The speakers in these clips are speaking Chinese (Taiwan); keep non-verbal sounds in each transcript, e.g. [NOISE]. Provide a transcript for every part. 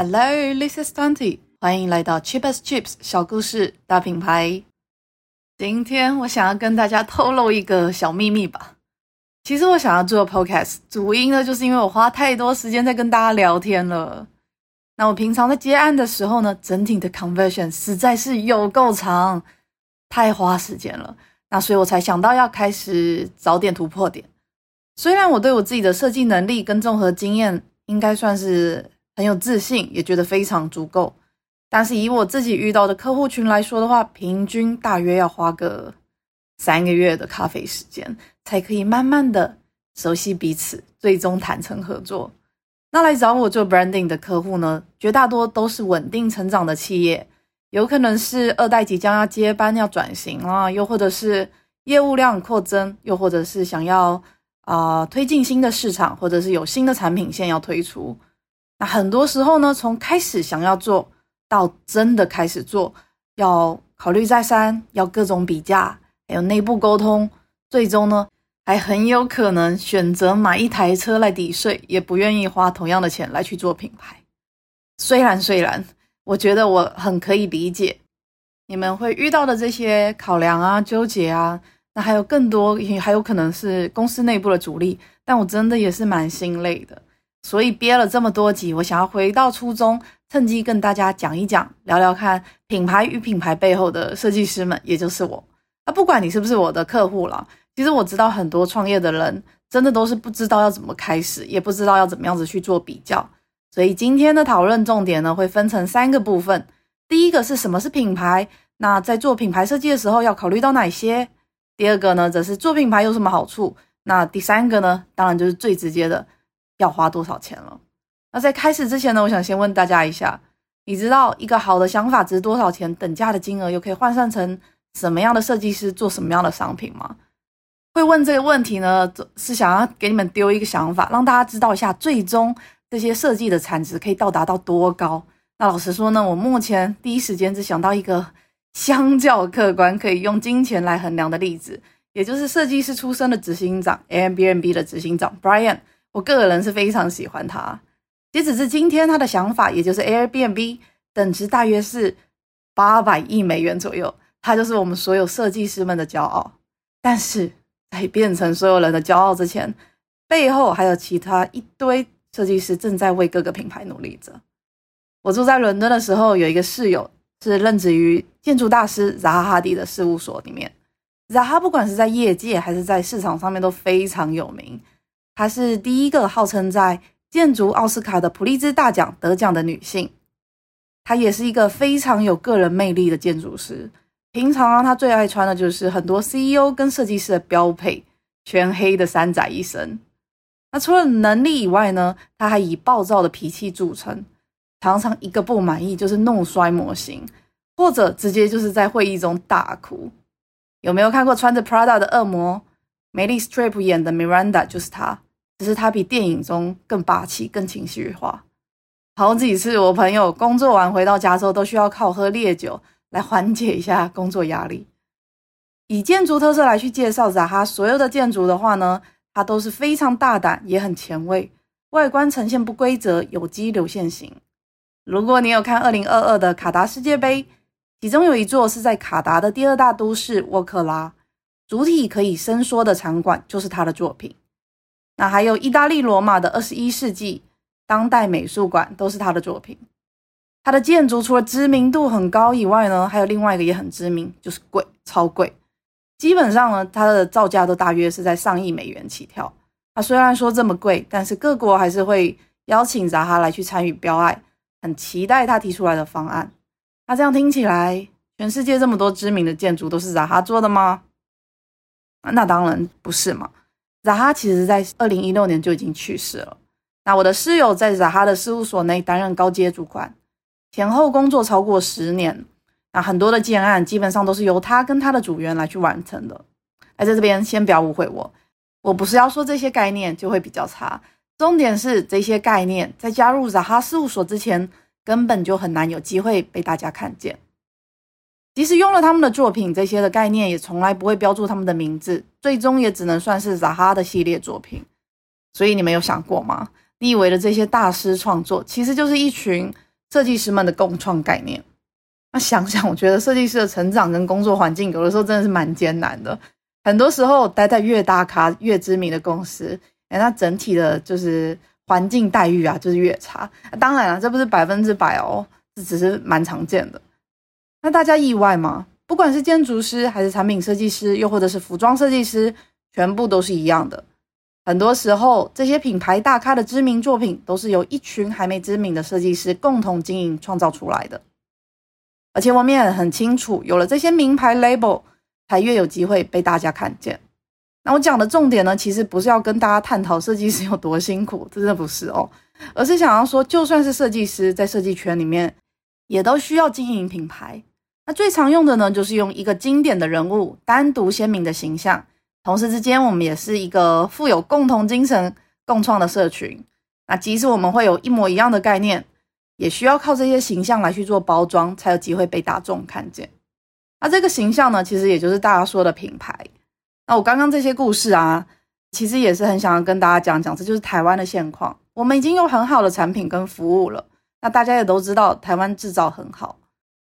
Hello, this is Tunty。歡迎來到 Cheap as Chips 小故事大品牌。今天我想要跟大家透露一個小祕密吧。其實我想要做 podcast 主因呢，就是因為我花太多時間在跟大家聊天了。那我平常在接案的時候呢，整體的 conversion 實在是有夠長，太花時間了。那所以我才想到要開始找點突破點。雖然我對我自己的設計能力跟綜合經驗應該算是很有自信，也覺得非常足夠。但是以我自己遇到的客戶群來說的話，平均大約要花個三個月的咖啡時間，才可以慢慢的熟悉彼此，最終談成合作。那來找我做 branding 的客戶呢，絕大多都是穩定成長的企業，有可能是二代即將要接班要轉型啊，又或者是業務量擴增，又或者是想要啊、呃、推進新的市場，或者是有新的產品線要推出。那很多時候呢，從開始想要做到真的開始做，要考慮再三，要各種比價，還有內部溝通，最終呢，還很有可能選擇買一台車來抵稅，也不願意花同樣的錢來去做品牌。雖然雖然，我覺得我很可以理解你們會遇到的這些考量啊、糾結啊，那還有更多，也還有可能是公司內部的阻力，但我真的也是蠻心累的。所以憋了這麼多集，我想要回到初衷，趁機跟大家講一講，聊聊看品牌與品牌背後的設計師們，也就是我。那、啊、不管你是不是我的客戶了，其實我知道很多創業的人真的都是不知道要怎麼開始，也不知道要怎麼樣子去做比較。所以今天的討論重點呢，會分成三個部分：第一個是什麼是品牌？那在做品牌設計的時候要考慮到哪些？第二個呢，則是做品牌有什麼好處？那第三個呢，當然就是最直接的。要花多少錢了？那在開始之前呢，我想先問大家一下：你知道一個好的想法值多少錢？等價的金額又可以換算成什麼樣的設計師做什麼樣的商品嗎？會問這個問題呢，是想要給你們丟一個想法，讓大家知道一下，最終這些設計的產值可以到達到多高？那老實說呢，我目前第一時間只想到一個相較客觀可以用金錢來衡量的例子，也就是設計師出身的執行長，Airbnb 的執行長 Brian。我個人是非常喜歡他。即使是今天，他的想法，也就是 Airbnb，等值大約是八百億美元左右。他就是我們所有設計師們的驕傲。但是在變成所有人的驕傲之前，背後還有其他一堆設計師正在為各個品牌努力着。我住在倫敦的時候，有一個室友是任職於建築大師扎哈·哈迪的事務所裡面。扎哈不管是在業界還是在市場上面都非常有名。她是第一個號稱在建築奧斯卡的普利茲大獎得獎的女性，她也是一個非常有個人魅力的建築師。平常，啊、她最愛穿的就是很多 CEO 跟設計師的標配——全黑的三宅一生。那除了能力以外呢，她還以暴躁的脾氣著稱，常常一個不滿意就是弄摔模型，或者直接就是在會議中大哭。有沒有看過穿着 Prada 的惡魔？梅麗斯特普演的 Miranda 就是她。只是他比電影中更霸氣、更情緒化。好幾次，我朋友工作完回到家之後，都需要靠喝烈酒來緩解一下工作壓力。以建築特色來去介紹扎哈，所有的建築的話呢，它都是非常大膽，也很前衛，外觀呈現不規則、有機流線型。如果你有看二零二二的卡達世界杯，其中有一座是在卡達的第二大都市沃克拉，主體可以伸縮的場館就是他的作品。那還有意大利羅馬的二十一世紀當代美術館都是他的作品。他的建築除了知名度很高以外呢，還有另外一個也很知名，就是貴，超貴。基本上呢，它的造價都大約是在上億美元起跳。啊，雖然說這麼貴，但是各國還是會邀請扎哈來去參與標案，很期待他提出來的方案。那、啊、這樣聽起來，全世界這麼多知名的建築都是扎哈做的嗎？那當然不是嘛。扎哈其實在二零一六年就已經去世了。那我的室友在扎哈的事務所內擔任高階主管，前後工作超過十年。那很多的建案基本上都是由他跟他的組員來去完成的。哎，在這邊先不要誤會我，我不是要說這些概念就會比較差。重點是這些概念在加入扎哈事務所之前，根本就很難有機會被大家看見。即使用了他們的作品這些的概念，也從來不會標注他們的名字，最終也只能算是扎哈的系列作品。所以你們有想過嗎？你以為的這些大師創作，其實就是一群設計師們的共創概念。那、啊、想想，我覺得設計師的成長跟工作環境，有的時候真的是蠻艱難的。很多時候待在越大咖越知名的公司，哎、那整體的就是環境待遇啊，就是越差。啊、當然了、啊，這不是百分之百哦，這只是蠻常見的。那大家意外嗎？不管是建築師，還是產品設計師，又或者是服裝設計師，全部都是一樣的。很多時候，這些品牌大咖的知名作品，都是由一群還沒知名的設計師共同經營創造出來的。而且我們也很清楚，有了這些名牌 label，才越有機會被大家看見。那我講的重點呢，其實不是要跟大家探討設計師有多辛苦，真的不是哦，而是想要說，就算是設計師在設計圈裡面，也都需要經營品牌。那最常用的呢，就是用一個經典的人物，單獨鮮明的形象。同時之間，我們也是一個富有共同精神、共創的社群。那即使我們會有一模一樣的概念，也需要靠這些形象來去做包裝，才有機會被大眾看見。那這個形象呢，其實也就是大家說的品牌。那我剛剛這些故事啊，其實也是很想要跟大家講講，這就是台灣的現況。我們已經有很好的產品跟服務了。那大家也都知道，台灣製造很好。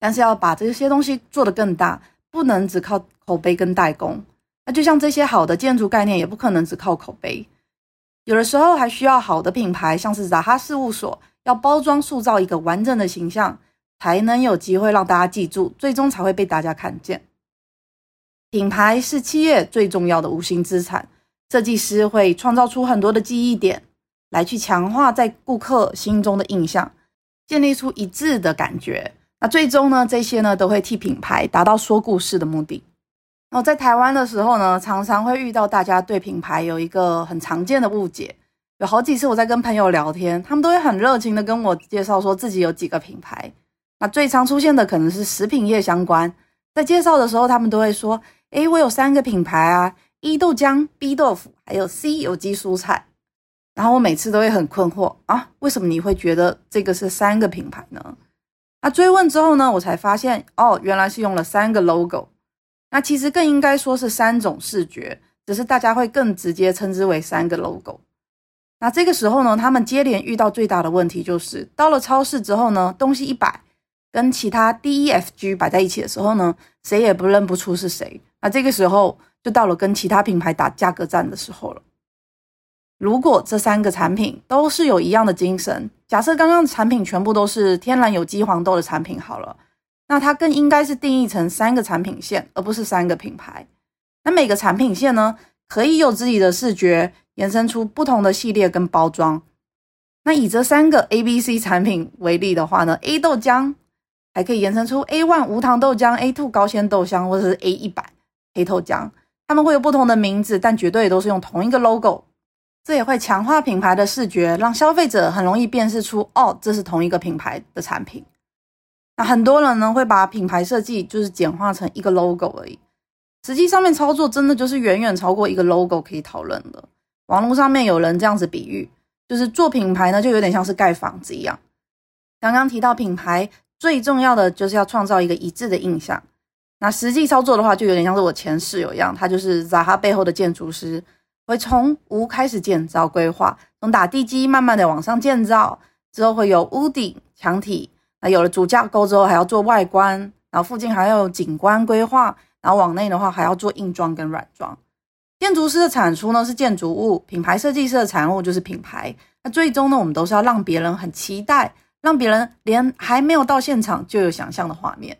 但是要把這些東西做得更大，不能只靠口碑跟代工。那就像這些好的建築概念，也不可能只靠口碑。有的時候還需要好的品牌，像是扎哈事務所，要包裝塑造一個完整的形象，才能有機會讓大家記住，最終才會被大家看見。品牌是企業最重要的無形資產。設計師會創造出很多的記憶點，來去強化在顧客心中的印象，建立出一致的感覺。那最終呢，這些呢都會替品牌達到說故事的目的。然後在台灣的時候呢，常常會遇到大家對品牌有一個很常見的誤解。有好幾次我在跟朋友聊天，他們都會很熱情的跟我介紹說自己有幾個品牌。那最常出現的可能是食品業相關，在介紹的時候，他們都會說：“哎，我有三個品牌啊，A 豆漿、B 豆腐，還有 C 有機蔬菜。”然後我每次都會很困惑啊，為什麼你會覺得這個是三個品牌呢？那追問之後呢，我才發現哦，原來是用了三個 logo。那其實更應該說是三種視覺，只是大家會更直接稱之為三個 logo。那這個時候呢，他們接連遇到最大的問題就是，到了超市之後呢，東西一擺，跟其他 D、E、F、G 擺在一起的時候呢，誰也不認不出是誰。那這個時候就到了跟其他品牌打價格戰的時候了。如果這三個產品都是有一樣的精神，假設剛剛的產品全部都是天然有機黃豆的產品好了，那它更應該是定義成三個產品線，而不是三個品牌。那每個產品線呢，可以有自己的視覺，延伸出不同的系列跟包裝。那以這三個 A、B、C 產品為例的話呢，A 豆漿還可以延伸出 A One 無糖豆漿、A Two 高纖豆漿或者是 A 一百黑豆漿，它們會有不同的名字，但絕對都是用同一個 logo。這也會強化品牌的視覺，讓消費者很容易辨識出，哦，這是同一個品牌的產品。那很多人呢會把品牌設計就是簡化成一個 logo 而已，實際上面操作真的就是遠遠超過一個 logo 可以討論的。網絡上面有人這樣子比喻，就是做品牌呢就有點像是蓋房子一樣。剛剛提到品牌最重要的就是要創造一個一致的印象，那實際操作的話就有點像是我前室友一樣，他就是 Zaha 背後的建築師。會從無開始建造規劃，從打地基慢慢的往上建造，之後會有屋頂、牆體，那有了主架構之後還要做外觀，然後附近還要有景觀規劃，然後往內的話還要做硬裝跟軟裝。建築師的產出呢是建築物，品牌設計師的產物就是品牌。那最終呢，我們都是要讓別人很期待，讓別人連還沒有到現場就有想象的畫面。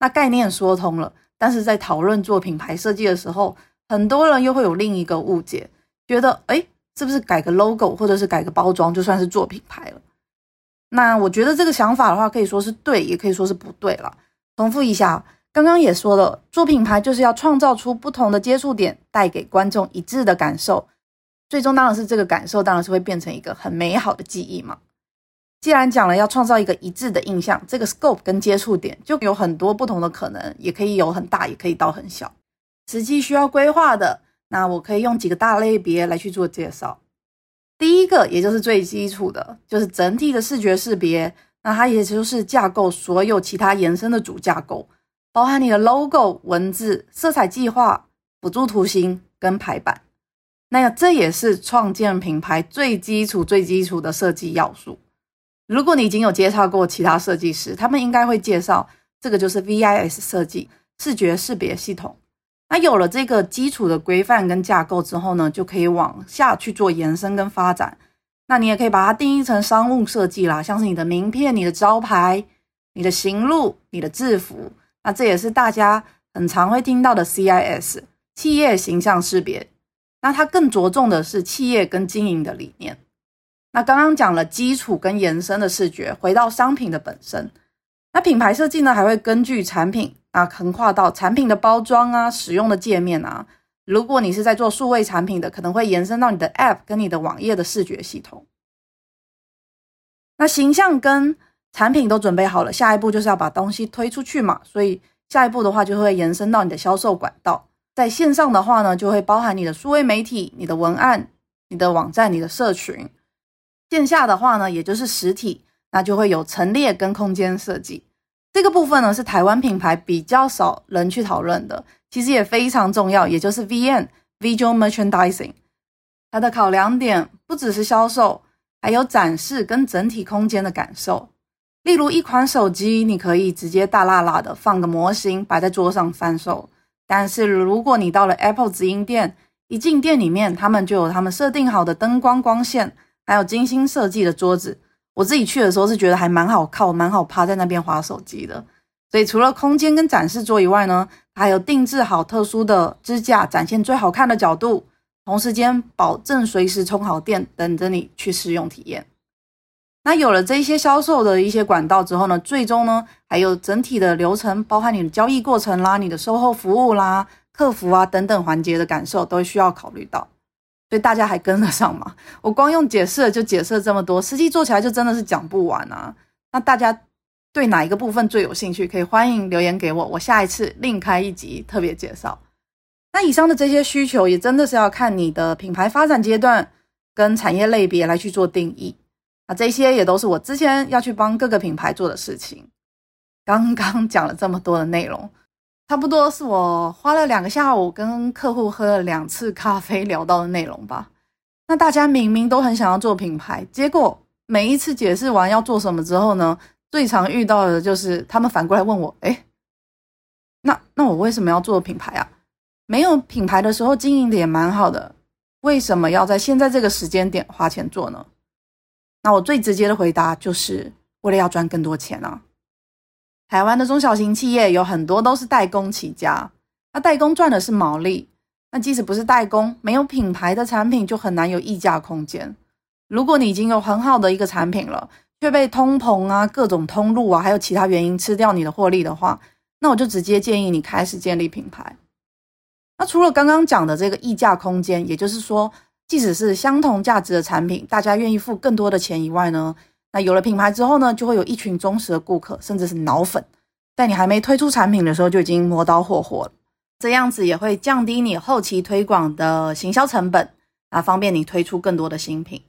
那概念說通了，但是在討論做品牌設計的時候。很多人又會有另一個誤解，覺得誒是不是改個 logo 或者是改個包裝就算是做品牌了？那我覺得這個想法的話，可以說是對，也可以說是不對了。重複一下，剛剛也說了，做品牌就是要創造出不同的接觸點，帶給觀眾一致的感受。最終當然是這個感受，當然是會變成一個很美好的記憶嘛。既然講了要創造一個一致的印象，這個 scope 跟接觸點就有很多不同的可能，也可以有很大，也可以到很小。實際需要規劃的，那我可以用幾個大類別來去做介紹。第一個，也就是最基礎的，就是整體的視覺識別，那它也就是架構所有其他延伸的主架構，包含你的 logo、文字、色彩計劃、輔助圖形跟排版。那這也是創建品牌最基礎、最基礎的設計要素。如果你已經有介紹過其他設計師，他們應該會介紹這個就是 VIS 設計，視覺識別系統。那有了這個基礎的規範跟架構之後呢，就可以往下去做延伸跟發展。那你也可以把它定義成商務設計啦，像是你的名片、你的招牌、你的型錄、你的制服。那這也是大家很常會聽到的 CIS，企業形象識別。那它更着重的是企業跟經營的理念。那剛剛講了基礎跟延伸的視覺，回到商品的本身。那品牌設計呢，還會根據產品。啊，橫跨到產品的包裝啊，使用的界面啊。如果你是在做數位產品的，可能會延伸到你的 App 跟你的網頁的視覺系統。那形象跟產品都準備好了，下一步就是要把東西推出去嘛。所以下一步的話，就會延伸到你的銷售管道。在線上的話呢，就會包含你的數位媒體、你的文案、你的網站、你的社群。線下的話呢，也就是實體，那就會有陳列跟空間設計。這個部分呢，是台灣品牌比較少人去討論的，其實也非常重要，也就是 VM Visual Merchandising。它的考量點不只是銷售，還有展示跟整體空間的感受。例如一款手機，你可以直接大剌剌的放個模型擺在桌上販售，但是如果你到了 Apple 直營店，一進店裡面，他們就有他們設定好的燈光、光線，還有精心設計的桌子。我自己去的時候是覺得還蠻好靠，蠻好趴在那邊滑手機的。所以除了空間跟展示桌以外呢，還有定制好特殊的支架，展現最好看的角度，同時間保證隨時充好電，等着你去試用體驗。那有了這些銷售的一些管道之後呢，最終呢，還有整體的流程，包含你的交易過程啦、你的售後服務啦、客服啊等等環節的感受，都需要考慮到。所以大家還跟得上嗎？我光用解釋了就解釋了這麼多，實際做起來就真的是講不完啊！那大家對哪一個部分最有興趣，可以歡迎留言給我，我下一次另開一集特別介紹。那以上的這些需求也真的是要看你的品牌發展階段跟產業類別來去做定義。那這些也都是我之前要去幫各個品牌做的事情。剛剛講了這麼多的內容。差不多是我花了兩個下午跟客戶喝了兩次咖啡聊到的內容吧。那大家明明都很想要做品牌，結果每一次解釋完要做什麼之後呢，最常遇到的就是他們反過來問我：“哎，那那我為什麼要做品牌啊？沒有品牌的時候經營的也蠻好的，為什麼要在現在這個時間點花錢做呢？”那我最直接的回答就是為了要賺更多錢啊。台灣的中小型企業有很多都是代工起家，那代工賺的是毛利。那即使不是代工，沒有品牌的產品就很難有溢價空間。如果你已經有很好的一個產品了，卻被通膨啊、各種通路啊，還有其他原因吃掉你的獲利的話，那我就直接建議你開始建立品牌。那除了剛剛講的這個溢價空間，也就是說，即使是相同價值的產品，大家願意付更多的錢以外呢，那有了品牌之後呢，就會有一群忠實的顧客，甚至是腦粉，在你還沒推出產品的時候就已經磨刀霍霍了。這樣子也會降低你後期推廣的行銷成本，啊，方便你推出更多的新品。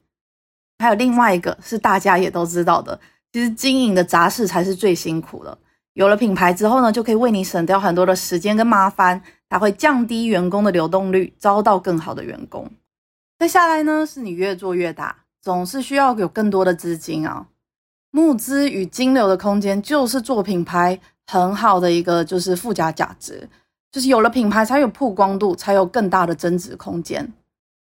還有另外一個是大家也都知道的，其實經營的雜事才是最辛苦的。有了品牌之後呢，就可以為你省掉很多的時間跟麻煩，它會降低員工的流動率，招到更好的員工。接下來呢，是你越做越大。總是需要有更多的資金啊、哦，募資與金流的空間，就是做品牌很好的一個就是附加價值，就是有了品牌才有曝光度，才有更大的增值空間，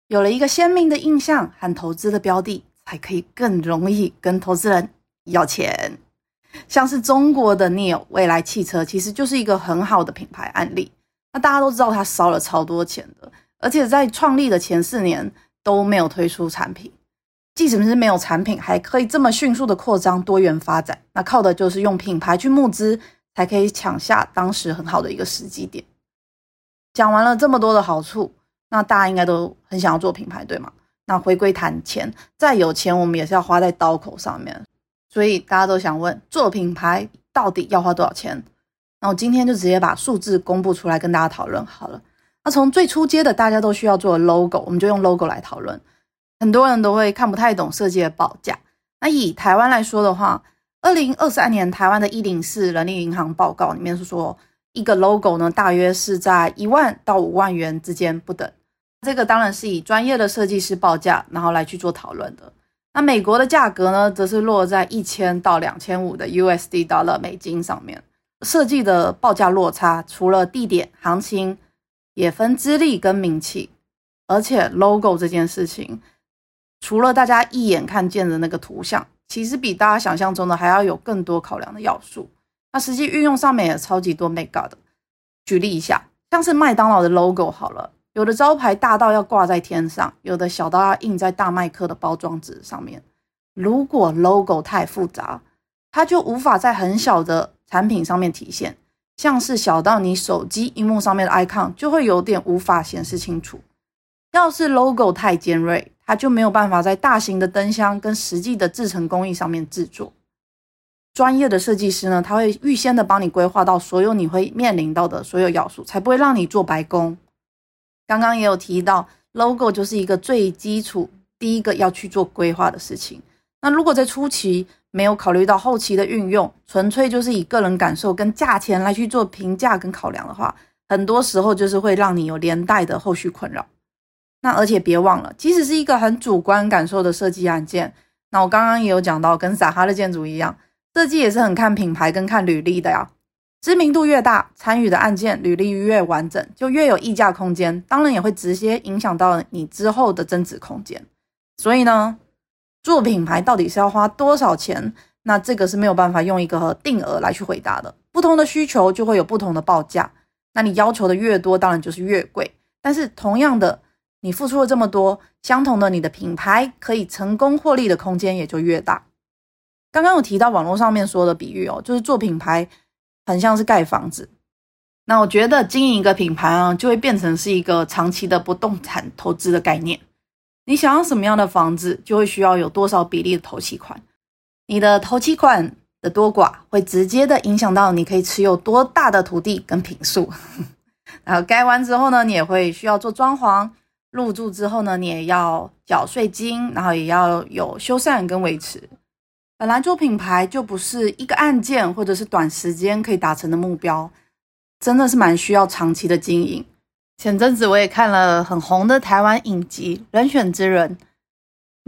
有了一個鮮明的印象和投資的標的，才可以更容易跟投資人要錢。像是中國的 NIO 蔚來汽車，其實就是一個很好的品牌案例。那大家都知道，它燒了超多錢的，而且在創立的前四年都沒有推出產品。即使是沒有產品，還可以這麼迅速的擴張、多元發展，那靠的就是用品牌去募資，才可以搶下當時很好的一個時機點。講完了這麼多的好處，那大家應該都很想要做品牌，對嗎？那回歸談錢，再有錢我們也是要花在刀口上面，所以大家都想問，做品牌到底要花多少錢？那我今天就直接把數字公布出來，跟大家討論好了。那從最初階的大家都需要做的 logo，我們就用 logo 來討論。很多人都會看不太懂設計的報價。那以台灣來說的話，二零二三年台灣的一零四人力銀行報告裡面是說，一個 logo 呢，大約是在一萬到五萬元之間不等。這個當然是以專業的設計師報價，然後來去做討論的。那美國的價格呢，則是落在一千到兩千五的 USD dollar 美金上面。設計的報價落差，除了地點、行情，也分資歷跟名氣，而且 logo 這件事情，除了大家一眼看見的那個圖像，其實比大家想象中的還要有更多考量的要素。那實際運用上面也超級多 Mega 的。舉例一下，像是麥當勞的 logo 好了，有的招牌大到要掛在天上，有的小到要印在大麥克的包裝紙上面。如果 logo 太複雜，它就無法在很小的產品上面體現，像是小到你手機螢幕上面的 icon 就會有點無法顯示清楚。要是 logo 太尖銳，他就沒有辦法在大型的燈箱跟實際的製程工藝上面制作。專業的設計師呢，他會預先的幫你規劃到所有你會面臨到的所有要素，才不會讓你做白工。剛剛也有提到，logo 就是一個最基礎、第一個要去做規劃的事情。那如果在初期沒有考慮到後期的運用，純粹就是以個人感受跟價錢來去做評價跟考量的話，很多時候就是會讓你有連帶的後續困擾。那而且別忘了，即使是一個很主觀感受的設計案件，那我剛剛也有講到，跟扎哈的建築一樣，設計也是很看品牌跟看履歷的呀。知名度越大，參與的案件履歷越完整，就越有議價空間。當然也會直接影響到你之後的增值空間。所以呢，做品牌到底是要花多少錢？那這個是沒有辦法用一個和定額來去回答的。不同的需求就會有不同的報價。那你要求的越多，當然就是越貴。但是同樣的。你付出了這麼多，相同的，你的品牌可以成功獲利的空間也就越大。剛剛我提到網絡上面說的比喻哦，就是做品牌很像是蓋房子。那我覺得經營一個品牌啊，就會變成是一個長期的不動產投資的概念。你想要什麼樣的房子，就會需要有多少比例的頭期款。你的頭期款的多寡，會直接的影響到你可以持有多大的土地跟坪數。 [LAUGHS] 然後蓋完之後呢，你也會需要做裝潢。入住之後呢，你也要繳稅金，然後也要有修繕跟維持。本來做品牌就不是一個案件或者是短時間可以達成的目標，真的是蠻需要長期的經營。前陣子我也看了很紅的台灣影集《人選之人》，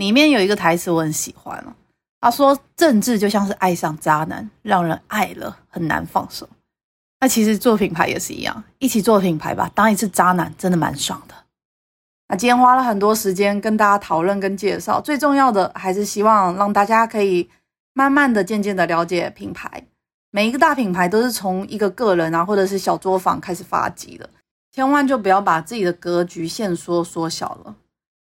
裡面有一個台詞我很喜歡啊，他說：“政治就像是愛上渣男，讓人愛了很難放手。”那其實做品牌也是一樣，一起做品牌吧，當一次渣男真的蠻爽的。今天花了很多時間跟大家討論跟介紹，最重要的還是希望讓大家可以慢慢的、漸漸的了解品牌。每一個大品牌都是從一個個人啊，或者是小作坊開始發跡的，千萬就不要把自己的格局限縮縮小了。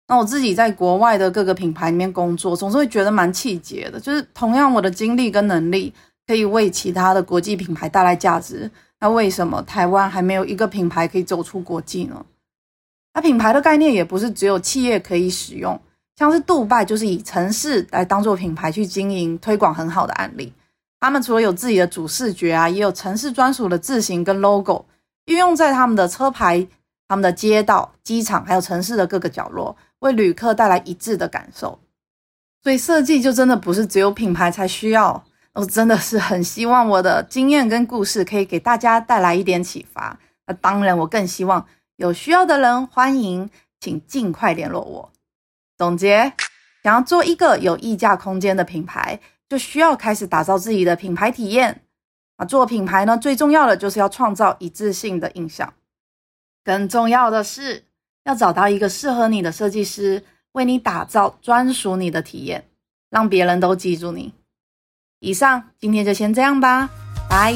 那我自己在國外的各個品牌裡面工作，總是會覺得蠻氣結的，就是同樣我的精力跟能力可以為其他的國際品牌帶來價值，那為什麼台灣還沒有一個品牌可以走出國際呢？那品牌的概念也不是只有企業可以使用，像是杜拜就是以城市來當做品牌去經營推廣很好的案例。他們除了有自己的主視覺啊，也有城市專屬的字型跟 logo，運用在他們的車牌、他們的街道、機場，還有城市的各個角落，為旅客帶來一致的感受。所以設計就真的不是只有品牌才需要。我真的是很希望我的經驗跟故事可以給大家帶來一點啟發。那當然，我更希望。有需要的人歡迎，請盡快聯絡我。總結：想要做一個有溢價空間的品牌，就需要開始打造自己的品牌體驗。啊，做品牌呢，最重要的就是要創造一致性的印象。更重要的是，要找到一個適合你的設計師，為你打造專屬你的體驗，讓別人都記住你。以上，今天就先這樣吧，拜。